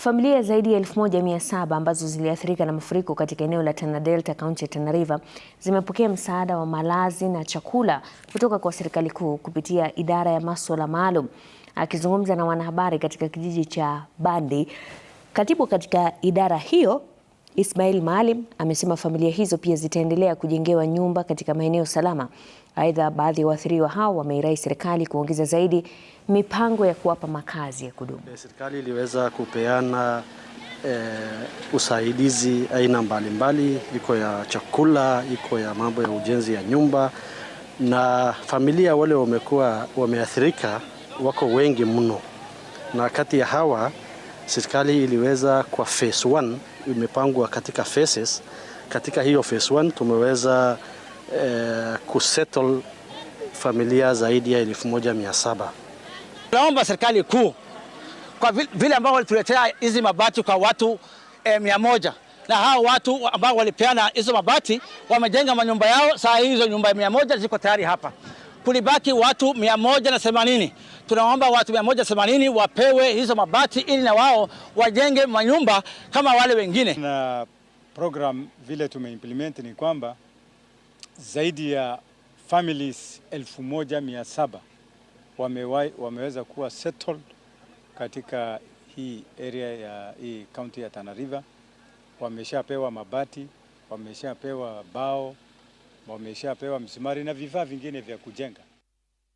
Familia zaidi ya 1700 ambazo ziliathirika na mafuriko katika eneo la Tana Delta kaunti ya Tana River zimepokea msaada wa malazi na chakula kutoka kwa serikali kuu kupitia idara ya masuala maalum. Akizungumza na wanahabari katika kijiji cha Bandi, katibu katika idara hiyo Ismail Maalim amesema familia hizo pia zitaendelea kujengewa nyumba katika maeneo salama. Aidha, baadhi ya waathiriwa hao wameirai serikali kuongeza zaidi mipango ya kuwapa makazi ya kudumu. Eh, serikali iliweza kupeana e, usaidizi aina mbalimbali, iko ya chakula, iko ya mambo ya ujenzi ya nyumba, na familia wale wamekuwa wameathirika wako wengi mno, na kati ya hawa serikali iliweza kwa phase 1 imepangwa katika phases. Katika hiyo phase 1 tumeweza eh, kusettle familia zaidi ya 1700. Naomba serikali kuu kwa vile ambao walituletea hizi mabati kwa watu eh, mia moja na hao watu ambao walipeana hizo mabati wamejenga manyumba yao, saa hizo nyumba mia moja ziko tayari hapa kulibaki watu 180. Tunaomba watu 180 wapewe hizo mabati ili na wao wajenge manyumba kama wale wengine. Na program vile tumeimplement ni kwamba zaidi ya families 1700 wame, wameweza kuwa settled katika hii area ya hii county ya Tana River, wameshapewa mabati, wameshapewa bao wameshapewa msumari na vifaa vingine vya kujenga.